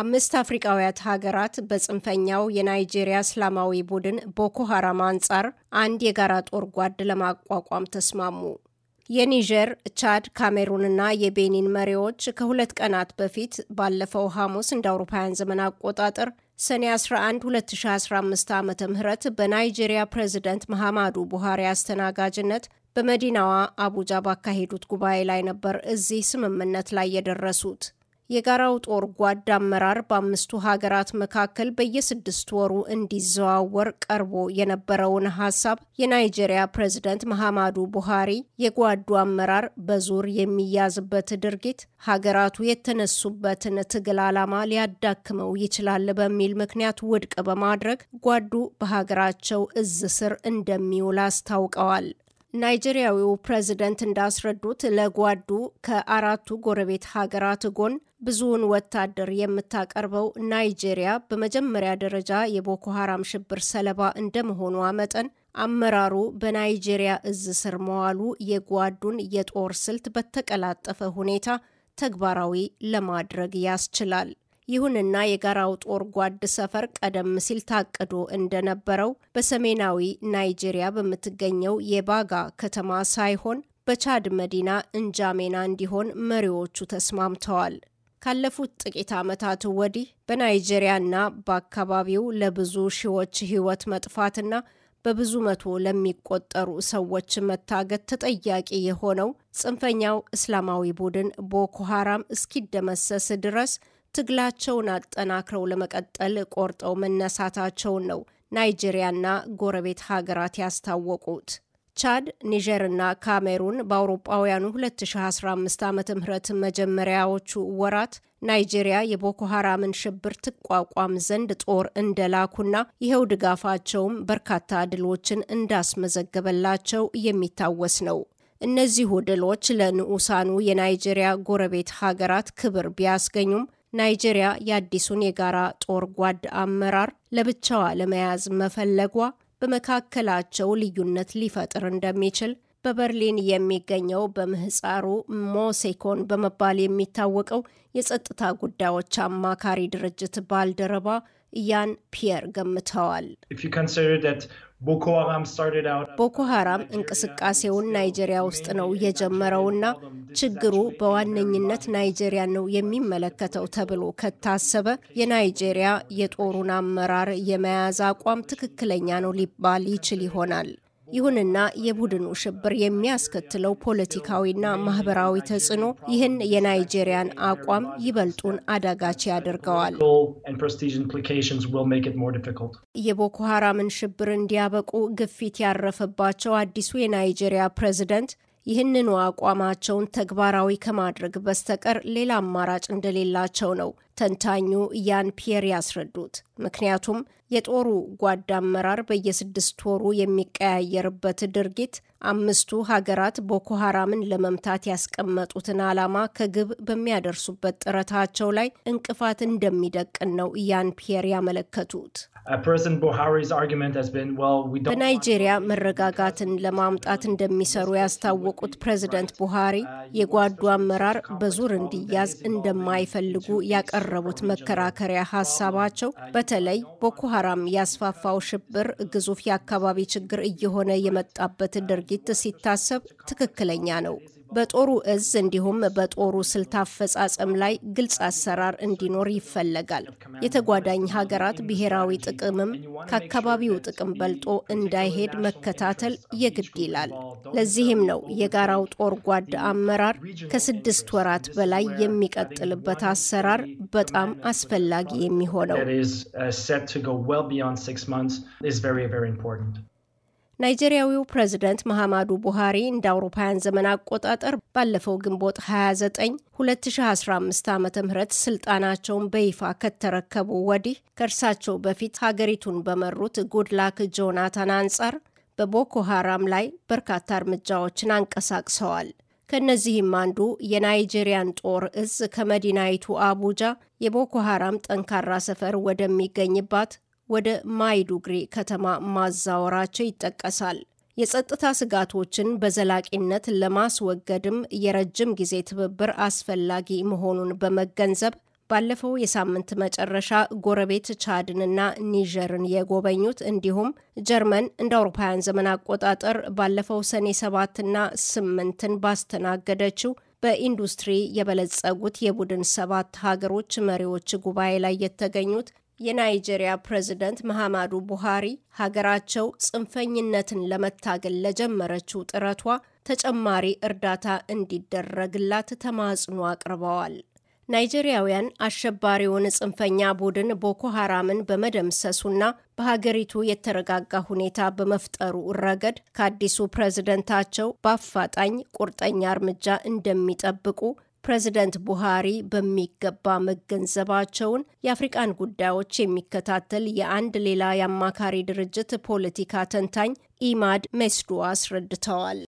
አምስት አፍሪቃውያት ሀገራት በጽንፈኛው የናይጄሪያ እስላማዊ ቡድን ቦኮ ሀራም አንጻር አንድ የጋራ ጦር ጓድ ለማቋቋም ተስማሙ። የኒጀር፣ ቻድ፣ ካሜሩንና የቤኒን መሪዎች ከሁለት ቀናት በፊት ባለፈው ሐሙስ እንደ አውሮፓውያን ዘመን አቆጣጠር ሰኔ 11 2015 ዓ ም በናይጄሪያ ፕሬዚደንት መሐማዱ ቡሃሪ አስተናጋጅነት በመዲናዋ አቡጃ ባካሄዱት ጉባኤ ላይ ነበር እዚህ ስምምነት ላይ የደረሱት። የጋራው ጦር ጓድ አመራር በአምስቱ ሀገራት መካከል በየስድስት ወሩ እንዲዘዋወር ቀርቦ የነበረውን ሀሳብ የናይጄሪያ ፕሬዝደንት መሐማዱ ቡሃሪ የጓዱ አመራር በዙር የሚያዝበት ድርጊት ሀገራቱ የተነሱበትን ትግል ዓላማ ሊያዳክመው ይችላል በሚል ምክንያት ውድቅ በማድረግ ጓዱ በሀገራቸው እዝ ስር እንደሚውል አስታውቀዋል። ናይጄሪያዊው ፕሬዝደንት እንዳስረዱት ለጓዱ ከአራቱ ጎረቤት ሀገራት ጎን ብዙውን ወታደር የምታቀርበው ናይጄሪያ በመጀመሪያ ደረጃ የቦኮ ሀራም ሽብር ሰለባ እንደመሆኗ መጠን አመራሩ በናይጄሪያ እዝ ስር መዋሉ የጓዱን የጦር ስልት በተቀላጠፈ ሁኔታ ተግባራዊ ለማድረግ ያስችላል። ይሁንና የጋራው ጦር ጓድ ሰፈር ቀደም ሲል ታቅዶ እንደነበረው በሰሜናዊ ናይጄሪያ በምትገኘው የባጋ ከተማ ሳይሆን በቻድ መዲና እንጃሜና እንዲሆን መሪዎቹ ተስማምተዋል። ካለፉት ጥቂት ዓመታት ወዲህ በናይጄሪያና በአካባቢው ለብዙ ሺዎች ሕይወት መጥፋትና በብዙ መቶ ለሚቆጠሩ ሰዎች መታገት ተጠያቂ የሆነው ጽንፈኛው እስላማዊ ቡድን ቦኮ ሀራም እስኪደመሰስ ድረስ ትግላቸውን አጠናክረው ለመቀጠል ቆርጠው መነሳታቸውን ነው ናይጄሪያና ጎረቤት ሀገራት ያስታወቁት። ቻድ፣ ኒጀርና ካሜሩን በአውሮጳውያኑ 2015 ዓ ም መጀመሪያዎቹ ወራት ናይጄሪያ የቦኮ ሐራምን ሽብር ትቋቋም ዘንድ ጦር እንደላኩና ይኸው ድጋፋቸውም በርካታ ድሎችን እንዳስመዘገበላቸው የሚታወስ ነው። እነዚሁ ድሎች ለንዑሳኑ የናይጄሪያ ጎረቤት ሀገራት ክብር ቢያስገኙም ናይጄሪያ የአዲሱን የጋራ ጦር ጓድ አመራር ለብቻዋ ለመያዝ መፈለጓ በመካከላቸው ልዩነት ሊፈጥር እንደሚችል በበርሊን የሚገኘው በምህፃሩ ሞሴኮን በመባል የሚታወቀው የጸጥታ ጉዳዮች አማካሪ ድርጅት ባልደረባ ያን ፒየር ገምተዋል። ቦኮ ሀራም እንቅስቃሴውን ናይጄሪያ ውስጥ ነው የጀመረውና ችግሩ በዋነኝነት ናይጄሪያ ነው የሚመለከተው ተብሎ ከታሰበ የናይጄሪያ የጦሩን አመራር የመያዝ አቋም ትክክለኛ ነው ሊባል ይችል ይሆናል። ይሁንና የቡድኑ ሽብር የሚያስከትለው ፖለቲካዊና ማህበራዊ ተጽዕኖ ይህን የናይጄሪያን አቋም ይበልጡን አዳጋች ያደርገዋል። የቦኮ ሀራምን ሽብር እንዲያበቁ ግፊት ያረፈባቸው አዲሱ የናይጄሪያ ፕሬዝደንት ይህንኑ አቋማቸውን ተግባራዊ ከማድረግ በስተቀር ሌላ አማራጭ እንደሌላቸው ነው ተንታኙ ያን ፒየር ያስረዱት። ምክንያቱም የጦሩ ጓዳ አመራር በየስድስት ወሩ የሚቀያየርበት ድርጊት አምስቱ ሀገራት ቦኮ ሀራምን ለመምታት ያስቀመጡትን ዓላማ ከግብ በሚያደርሱበት ጥረታቸው ላይ እንቅፋት እንደሚደቅን ነው ያን ፒየር ያመለከቱት። uh, በናይጄሪያ መረጋጋትን ለማምጣት እንደሚሰሩ ያስታወቁት ፕሬዝደንት ቡሃሪ የጓዱ አመራር በዙር እንዲያዝ እንደማይፈልጉ ያቀ ያቀረቡት መከራከሪያ ሀሳባቸው በተለይ ቦኮ ሀራም ያስፋፋው ሽብር ግዙፍ የአካባቢ ችግር እየሆነ የመጣበት ድርጊት ሲታሰብ ትክክለኛ ነው። በጦሩ እዝ እንዲሁም በጦሩ ስልት አፈጻጸም ላይ ግልጽ አሰራር እንዲኖር ይፈለጋል። የተጓዳኝ ሀገራት ብሔራዊ ጥቅምም ከአካባቢው ጥቅም በልጦ እንዳይሄድ መከታተል የግድ ይላል። ለዚህም ነው የጋራው ጦር ጓድ አመራር ከስድስት ወራት በላይ የሚቀጥልበት አሰራር በጣም አስፈላጊ የሚሆነው። ናይጄሪያዊው ፕሬዝደንት መሐማዱ ቡሃሪ እንደ አውሮፓውያን ዘመን አቆጣጠር ባለፈው ግንቦት 29 2015 ዓ ም ስልጣናቸውን በይፋ ከተረከቡ ወዲህ ከእርሳቸው በፊት ሀገሪቱን በመሩት ጉድላክ ጆናታን አንጻር በቦኮ ሃራም ላይ በርካታ እርምጃዎችን አንቀሳቅሰዋል። ከእነዚህም አንዱ የናይጄሪያን ጦር እዝ ከመዲናይቱ አቡጃ የቦኮ ሃራም ጠንካራ ሰፈር ወደሚገኝባት ወደ ማይዱግሪ ከተማ ማዛወራቸው ይጠቀሳል። የጸጥታ ስጋቶችን በዘላቂነት ለማስወገድም የረጅም ጊዜ ትብብር አስፈላጊ መሆኑን በመገንዘብ ባለፈው የሳምንት መጨረሻ ጎረቤት ቻድንና ኒጀርን የጎበኙት እንዲሁም ጀርመን እንደ አውሮፓውያን ዘመን አቆጣጠር ባለፈው ሰኔ ሰባትና ስምንትን ባስተናገደችው በኢንዱስትሪ የበለጸጉት የቡድን ሰባት ሀገሮች መሪዎች ጉባኤ ላይ የተገኙት የናይጄሪያ ፕሬዝደንት መሐማዱ ቡሃሪ ሀገራቸው ጽንፈኝነትን ለመታገል ለጀመረችው ጥረቷ ተጨማሪ እርዳታ እንዲደረግላት ተማጽኖ አቅርበዋል። ናይጄሪያውያን አሸባሪውን ጽንፈኛ ቡድን ቦኮ ሐራምን በመደምሰሱና በሀገሪቱ የተረጋጋ ሁኔታ በመፍጠሩ ረገድ ከአዲሱ ፕሬዝደንታቸው በአፋጣኝ ቁርጠኛ እርምጃ እንደሚጠብቁ ፕሬዚደንት ቡሃሪ በሚገባ መገንዘባቸውን የአፍሪቃን ጉዳዮች የሚከታተል የአንድ ሌላ የአማካሪ ድርጅት ፖለቲካ ተንታኝ ኢማድ ሜስዱ አስረድተዋል።